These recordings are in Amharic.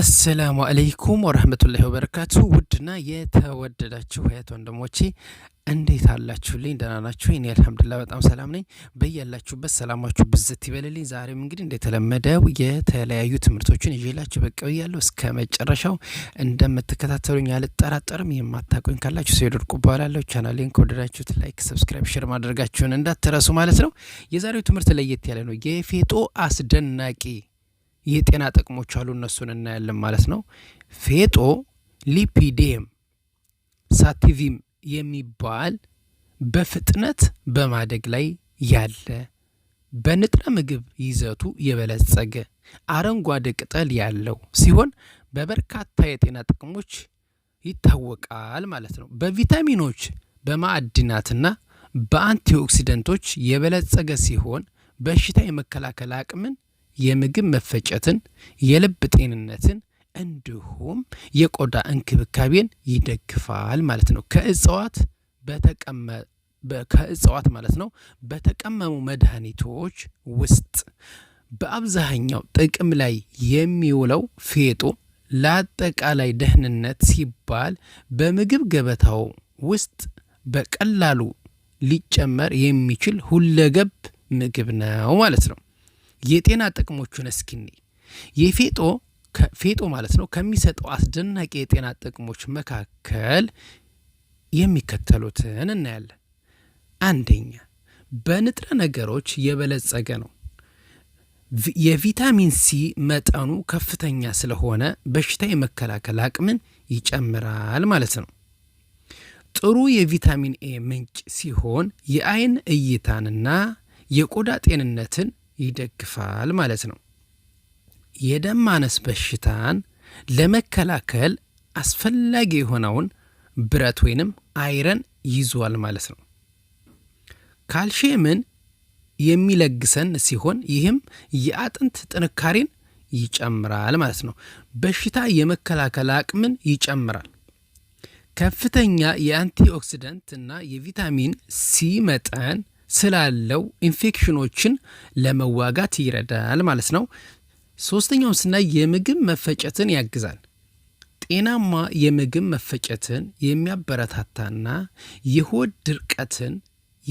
አሰላሙ አለይኩም ወረህመቱላሂ ወበረካቱ። ውድና የተወደዳችሁ ሀያት ወንድሞቼ እንዴት አላችሁልኝ? ደህና ናችሁ? እኔ አልሐምዱሊላህ በጣም ሰላም ነኝ። በያላችሁበት ሰላማችሁ ብዝት ይበልልኝ። ዛሬም እንግዲህ እንደተለመደው የተለያዩ ትምህርቶችን ይዤላችሁ በቅ ብያለሁ። እስከ መጨረሻው እንደምትከታተሉኝ አልጠራጠርም። የማታቆኝ ካላችሁ ሰይዶድ ቁባላለሁ። ቻናሌን ከወደዳችሁት ላይክ፣ ሰብስክራይብ፣ ሼር ማድረጋችሁን እንዳትረሱ ማለት ነው። የዛሬው ትምህርት ለየት ያለ ነው። የፌጦ አስደናቂ የጤና ጥቅሞች አሉ። እነሱን እናያለን ማለት ነው። ፌጦ ሊፒዴም ሳቲቪም የሚባል በፍጥነት በማደግ ላይ ያለ በንጥረ ምግብ ይዘቱ የበለጸገ አረንጓዴ ቅጠል ያለው ሲሆን በበርካታ የጤና ጥቅሞች ይታወቃል ማለት ነው። በቪታሚኖች በማዕድናትና በአንቲኦክሲደንቶች የበለጸገ ሲሆን በሽታ የመከላከል አቅምን የምግብ መፈጨትን፣ የልብ ጤንነትን እንዲሁም የቆዳ እንክብካቤን ይደግፋል ማለት ነው። ከእጽዋት በተቀመ ከእጽዋት ማለት ነው በተቀመሙ መድኃኒቶች ውስጥ በአብዛኛው ጥቅም ላይ የሚውለው ፌጦ ለአጠቃላይ ደህንነት ሲባል በምግብ ገበታው ውስጥ በቀላሉ ሊጨመር የሚችል ሁለገብ ምግብ ነው ማለት ነው። የጤና ጥቅሞቹን እስኪኔ የፌጦ ፌጦ ማለት ነው ከሚሰጠው አስደናቂ የጤና ጥቅሞች መካከል የሚከተሉትን እናያለን። አንደኛ በንጥረ ነገሮች የበለጸገ ነው። የቪታሚን ሲ መጠኑ ከፍተኛ ስለሆነ በሽታ የመከላከል አቅምን ይጨምራል ማለት ነው። ጥሩ የቪታሚን ኤ ምንጭ ሲሆን የአይን እይታንና የቆዳ ጤንነትን ይደግፋል ማለት ነው። የደም ማነስ በሽታን ለመከላከል አስፈላጊ የሆነውን ብረት ወይንም አይረን ይዟል ማለት ነው። ካልሽየምን የሚለግሰን ሲሆን ይህም የአጥንት ጥንካሬን ይጨምራል ማለት ነው። በሽታ የመከላከል አቅምን ይጨምራል። ከፍተኛ የአንቲኦክሲደንት እና የቪታሚን ሲ መጠን ስላለው ኢንፌክሽኖችን ለመዋጋት ይረዳል ማለት ነው። ሶስተኛውን ስናይ የምግብ መፈጨትን ያግዛል። ጤናማ የምግብ መፈጨትን የሚያበረታታና የሆድ ድርቀትን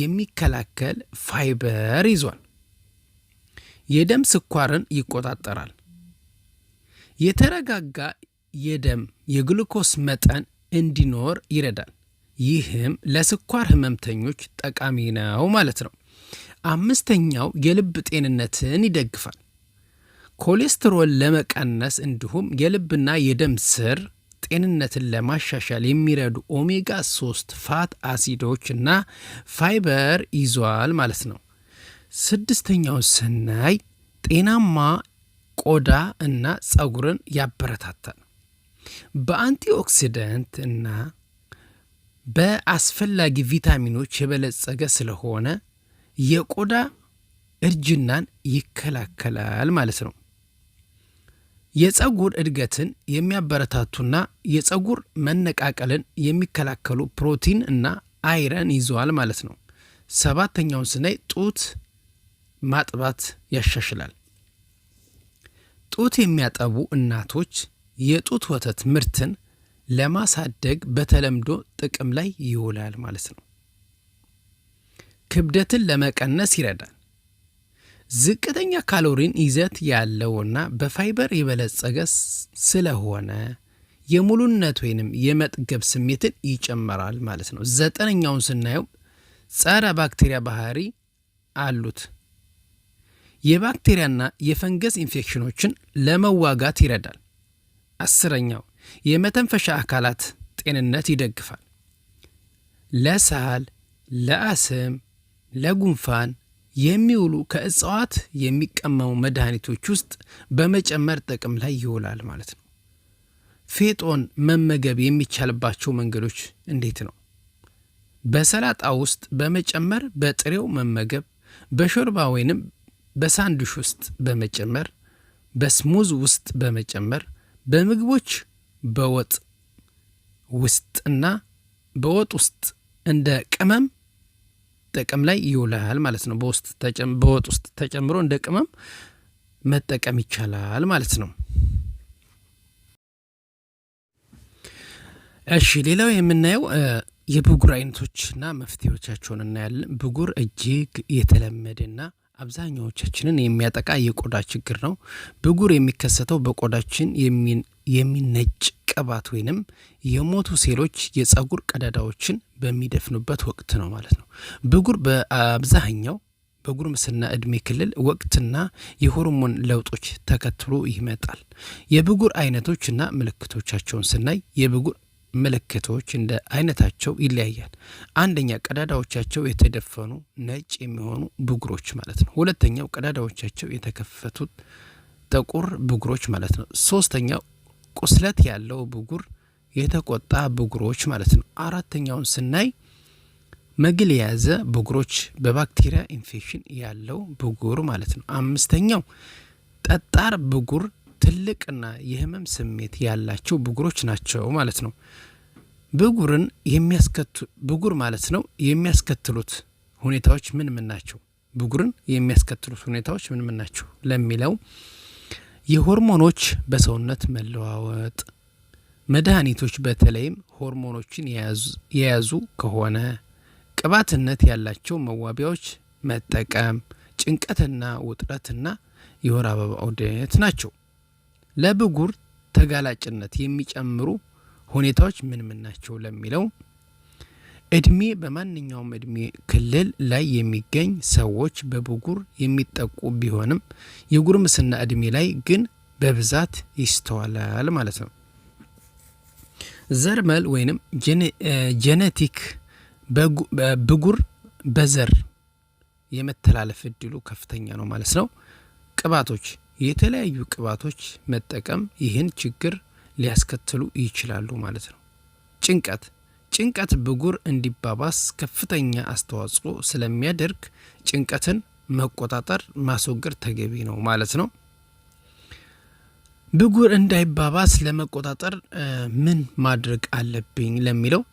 የሚከላከል ፋይበር ይዟል። የደም ስኳርን ይቆጣጠራል። የተረጋጋ የደም የግሉኮስ መጠን እንዲኖር ይረዳል። ይህም ለስኳር ህመምተኞች ጠቃሚ ነው ማለት ነው። አምስተኛው የልብ ጤንነትን ይደግፋል። ኮሌስትሮል ለመቀነስ እንዲሁም የልብና የደም ስር ጤንነትን ለማሻሻል የሚረዱ ኦሜጋ 3 ፋት አሲዶች እና ፋይበር ይዟል ማለት ነው። ስድስተኛው ስናይ ጤናማ ቆዳ እና ጸጉርን ያበረታታል። በአንቲኦክሲደንት እና በአስፈላጊ ቪታሚኖች የበለጸገ ስለሆነ የቆዳ እርጅናን ይከላከላል ማለት ነው። የፀጉር እድገትን የሚያበረታቱና የፀጉር መነቃቀልን የሚከላከሉ ፕሮቲን እና አይረን ይዘዋል ማለት ነው። ሰባተኛውን ስናይ ጡት ማጥባት ያሻሽላል። ጡት የሚያጠቡ እናቶች የጡት ወተት ምርትን ለማሳደግ በተለምዶ ጥቅም ላይ ይውላል ማለት ነው። ክብደትን ለመቀነስ ይረዳል። ዝቅተኛ ካሎሪን ይዘት ያለውና በፋይበር የበለጸገ ስለሆነ የሙሉነት ወይንም የመጥገብ ስሜትን ይጨመራል ማለት ነው። ዘጠነኛውን ስናየው ጸረ ባክቴሪያ ባህሪ አሉት። የባክቴሪያና የፈንገስ ኢንፌክሽኖችን ለመዋጋት ይረዳል። አስረኛው የመተንፈሻ አካላት ጤንነት ይደግፋል። ለሳል፣ ለአስም፣ ለጉንፋን የሚውሉ ከእጽዋት የሚቀመሙ መድኃኒቶች ውስጥ በመጨመር ጥቅም ላይ ይውላል ማለት ነው። ፌጦን መመገብ የሚቻልባቸው መንገዶች እንዴት ነው? በሰላጣ ውስጥ በመጨመር በጥሬው መመገብ፣ በሾርባ ወይንም በሳንዱሽ ውስጥ በመጨመር፣ በስሙዝ ውስጥ በመጨመር፣ በምግቦች በወጥ ውስጥና በወጥ ውስጥ እንደ ቅመም ጥቅም ላይ ይውላል ማለት ነው። በወጥ ውስጥ ተጨምሮ እንደ ቅመም መጠቀም ይቻላል ማለት ነው። እሺ ሌላው የምናየው የብጉር አይነቶችና መፍትሄዎቻቸውን እናያለን። ብጉር እጅግ የተለመደና አብዛኛዎቻችንን የሚያጠቃ የቆዳ ችግር ነው። ብጉር የሚከሰተው በቆዳችን የሚነጭ ቅባት ወይንም የሞቱ ሴሎች የጸጉር ቀዳዳዎችን በሚደፍኑበት ወቅት ነው ማለት ነው። ብጉር በአብዛኛው በጉርምስና እድሜ ክልል ወቅትና የሆርሞን ለውጦች ተከትሎ ይመጣል። የብጉር አይነቶችና ምልክቶቻቸውን ስናይ የብጉር ምልክቶች እንደ አይነታቸው ይለያያል። አንደኛ ቀዳዳዎቻቸው የተደፈኑ ነጭ የሚሆኑ ብጉሮች ማለት ነው። ሁለተኛው ቀዳዳዎቻቸው የተከፈቱ ጥቁር ብጉሮች ማለት ነው። ሶስተኛው ቁስለት ያለው ብጉር፣ የተቆጣ ብጉሮች ማለት ነው። አራተኛውን ስናይ መግል የያዘ ብጉሮች፣ በባክቴሪያ ኢንፌክሽን ያለው ብጉር ማለት ነው። አምስተኛው ጠጣር ብጉር፣ ትልቅና የህመም ስሜት ያላቸው ብጉሮች ናቸው ማለት ነው። ብጉርን የሚያስከቱ ብጉር ማለት ነው የሚያስከትሉት ሁኔታዎች ምን ምን ናቸው? ብጉርን የሚያስከትሉት ሁኔታዎች ምን ምን ናቸው ለሚለው የሆርሞኖች በሰውነት መለዋወጥ መድኃኒቶች በተለይም ሆርሞኖችን የያዙ ከሆነ ቅባትነት ያላቸው መዋቢያዎች መጠቀም ጭንቀትና ውጥረትና የወር አበባ ዑደት ናቸው። ለብጉር ተጋላጭነት የሚጨምሩ ሁኔታዎች ምን ምን ናቸው ለሚለው እድሜ በማንኛውም እድሜ ክልል ላይ የሚገኝ ሰዎች በብጉር የሚጠቁ ቢሆንም የጉርምስና እድሜ ላይ ግን በብዛት ይስተዋላል ማለት ነው። ዘርመል ወይንም ጄኔቲክ ብጉር በዘር የመተላለፍ እድሉ ከፍተኛ ነው ማለት ነው። ቅባቶች፣ የተለያዩ ቅባቶች መጠቀም ይህን ችግር ሊያስከትሉ ይችላሉ ማለት ነው። ጭንቀት ጭንቀት ብጉር እንዲባባስ ከፍተኛ አስተዋጽኦ ስለሚያደርግ ጭንቀትን መቆጣጠር ማስወገድ ተገቢ ነው ማለት ነው። ብጉር እንዳይባባስ ለመቆጣጠር ምን ማድረግ አለብኝ ለሚለው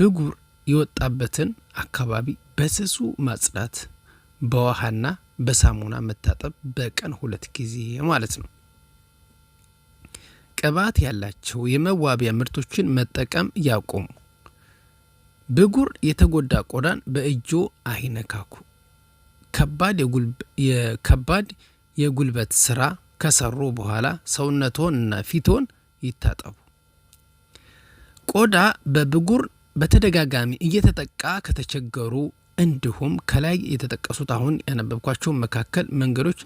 ብጉር የወጣበትን አካባቢ በስሱ ማጽዳት፣ በውሃና በሳሙና መታጠብ በቀን ሁለት ጊዜ ማለት ነው። ቅባት ያላቸው የመዋቢያ ምርቶችን መጠቀም ያቆሙ። ብጉር የተጎዳ ቆዳን በእጆ አይነካኩ። ከባድ የጉልበት ስራ ከሰሩ በኋላ ሰውነትዎንና ፊቶን ይታጠቡ። ቆዳ በብጉር በተደጋጋሚ እየተጠቃ ከተቸገሩ እንዲሁም ከላይ የተጠቀሱት አሁን ያነበብኳቸውን መካከል መንገዶች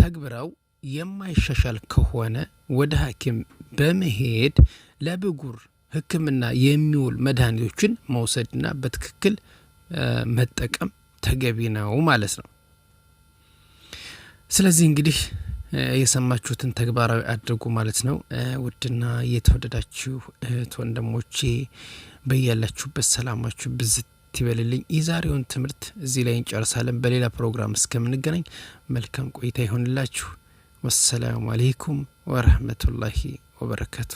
ተግብረው የማይሻሻል ከሆነ ወደ ሐኪም በመሄድ ለብጉር ህክምና የሚውል መድኃኒቶችን መውሰድና በትክክል መጠቀም ተገቢ ነው ማለት ነው። ስለዚህ እንግዲህ የሰማችሁትን ተግባራዊ አድርጉ ማለት ነው። ውድና የተወደዳችሁ እህት ወንድሞቼ በያላችሁበት ሰላማችሁ ብዝት ይበልልኝ። የዛሬውን ትምህርት እዚህ ላይ እንጨርሳለን። በሌላ ፕሮግራም እስከምንገናኝ መልካም ቆይታ ይሆንላችሁ። ወሰላሙ አሌይኩም ወረህመቱላሂ ወበረከቱ።